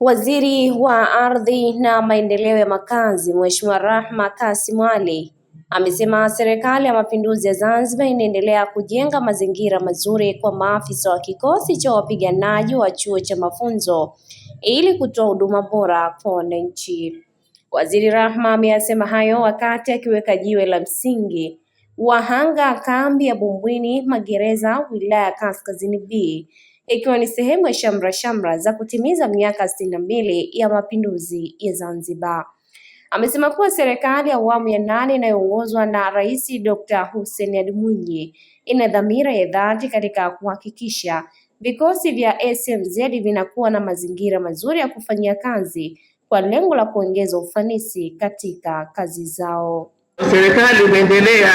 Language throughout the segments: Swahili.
Waziri wa Ardhi na Maendeleo ya Makazi, Mheshimiwa Rahma Kassim Ally amesema Serikali ya Mapinduzi ya Zanzibar inaendelea kujenga mazingira mazuri kwa maafisa wa kikosi cha wapiganaji wa chuo cha mafunzo ili kutoa huduma bora kwa wananchi. Waziri Rahma ameyasema hayo wakati akiweka jiwe la msingi wahanga kambi ya Bumbwini Magereza wilaya ya Kaskazini B ikiwa ni sehemu ya shamra shamra za kutimiza miaka sitini na mbili ya mapinduzi ya Zanzibar. Amesema kuwa serikali ya awamu ya nane inayoongozwa na Rais Dr. Hussein Ali Mwinyi ina dhamira ya dhati katika kuhakikisha vikosi vya SMZ vinakuwa na mazingira mazuri ya kufanyia kazi kwa lengo la kuongeza ufanisi katika kazi zao. Serikali imeendelea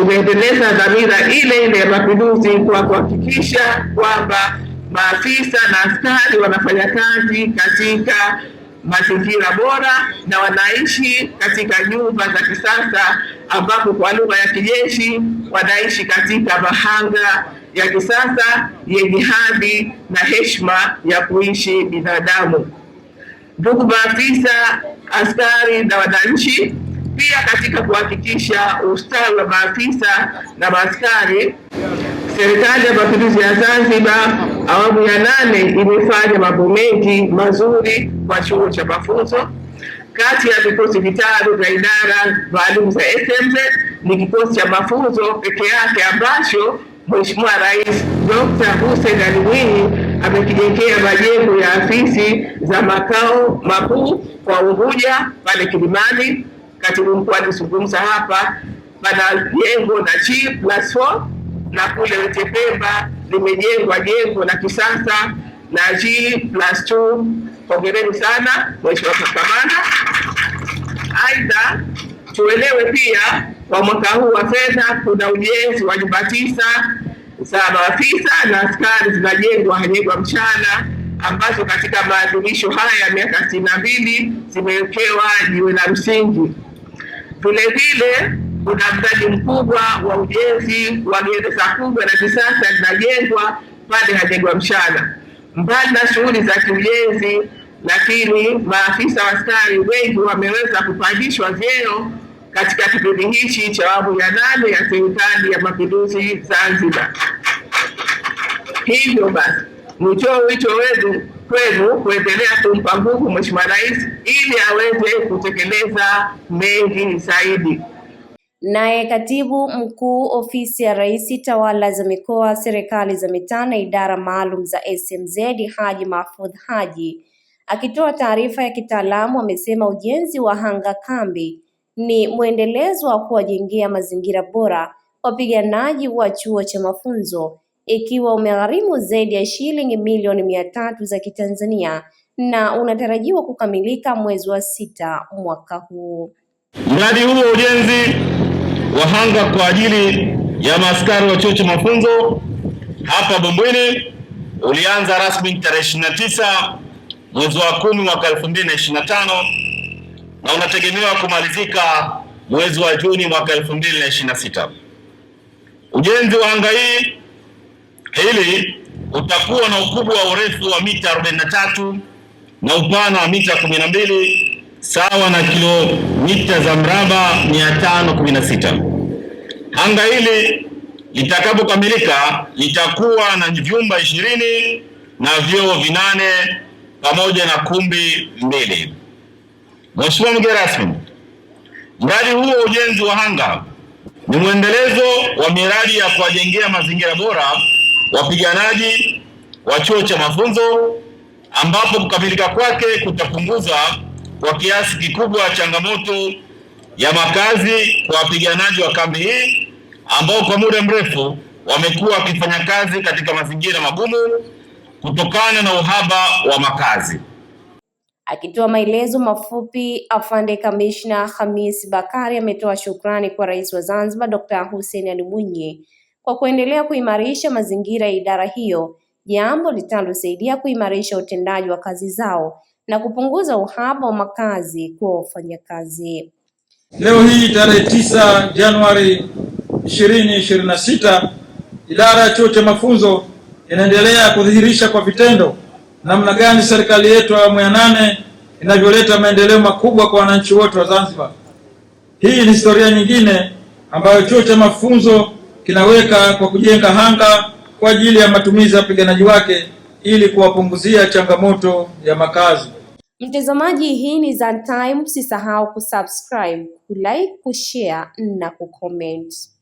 imeendeleza dhamira ile ile ya mapinduzi kwa kuhakikisha kwamba maafisa na askari wanafanya kazi katika mazingira bora na wanaishi katika nyumba za kisasa, ambapo kwa lugha ya kijeshi wanaishi katika mahanga ya kisasa yenye hadhi na heshima ya kuishi binadamu. Ndugu maafisa, askari na wananchi, pia katika kuhakikisha ustawi wa maafisa na maaskari. Serikali ya Mapinduzi ya Zanzibar awamu ya nane imefanya mambo mengi mazuri kwa chuo cha mafunzo. Kati ya vikosi vitano vya idara maalum za SMZ ni kikosi cha mafunzo peke yake ambacho Mheshimiwa Rais Dr. Hussein Ali Mwinyi amekijengea majengo ya afisi za makao makuu kwa Unguja pale Kilimani katibu mkuu alizungumza hapa, pana jengo na chi plus 4 na kule Utepemba limejengwa jengo la kisasa na G plus 2. Hongereni sana Mheshimiwa Kamanda. Aidha, tuelewe pia kwa mwaka huu wa fedha kuna ujenzi wa nyumba tisa za maafisa na askari zinajengwa hanyegwa mchana ambazo katika maadhimisho haya ya miaka sitini na mbili zimewekewa jiwe la msingi. Vilevile kuna mradi mkubwa wa ujenzi wa gereza kubwa la kisasa linajengwa pale Hajengwa Mshana. Mbali na shughuli za kiujenzi, lakini maafisa wa askari wengi wameweza kupandishwa vyeo katika kipindi hichi cha awamu ya nane ya serikali ya mapinduzi Zanzibar. Hivyo basi nitoe wito wenu kwenu kuendelea kumpa nguvu Mheshimiwa Rais ili aweze kutekeleza mengi zaidi. Naye Katibu Mkuu Ofisi ya Rais Tawala za Mikoa, Serikali za Mitaa na Idara Maalum za SMZ Haji Mahfudh Haji akitoa taarifa ya kitaalamu amesema ujenzi wa hanga kambi ni mwendelezo wa kuwajengea mazingira bora wapiganaji wa chuo cha mafunzo ikiwa umegharimu zaidi ya shilingi milioni mia tatu za Kitanzania na unatarajiwa kukamilika mwezi wa sita mwaka huu. Mradi huu wa ujenzi wa hanga kwa ajili ya maaskari wa chuo cha mafunzo hapa Bumbwini ulianza rasmi tarehe 29 mwezi wa kumi mwaka 2025 na unategemewa kumalizika mwezi wa Juni mwaka 2026. Ujenzi wa hanga hii Hili utakuwa na ukubwa wa urefu wa mita 43 na upana wa mita 12 sawa na kilomita za mraba 516. Anga hili litakapokamilika litakuwa na vyumba ishirini na vyoo vinane pamoja na kumbi mbili. Mheshimiwa mgeni rasmi, mradi huo wa ujenzi wa anga ni mwendelezo wa miradi ya kuwajengea mazingira bora wapiganaji wa chuo cha mafunzo ambapo kukamilika kwake kutapunguza kwa kiasi kikubwa changamoto ya makazi kwa wapiganaji wa kambi hii ambao kwa muda mrefu wamekuwa wakifanya kazi katika mazingira magumu kutokana na uhaba wa makazi. Akitoa maelezo mafupi, afande kamishna Hamis Bakari ametoa shukrani kwa Rais wa Zanzibar Dr. Hussein Ali Mwinyi kwa kuendelea kuimarisha mazingira ya idara hiyo, jambo litalosaidia kuimarisha utendaji wa kazi zao na kupunguza uhaba wa makazi kwa wafanyakazi. Leo hii tarehe 9 Januari 2026, idara ya chuo cha mafunzo inaendelea kudhihirisha kwa vitendo namna gani serikali yetu ya awamu ya nane inavyoleta maendeleo makubwa kwa wananchi wote wa Zanzibar. Hii ni historia nyingine ambayo chuo cha mafunzo kinaweka kwa kujenga hanga kwa ajili ya matumizi ya wapiganaji wake ili kuwapunguzia changamoto ya makazi. Mtazamaji, hii ni Zantime, usisahau kusubscribe, kulike, kushare na kucomment.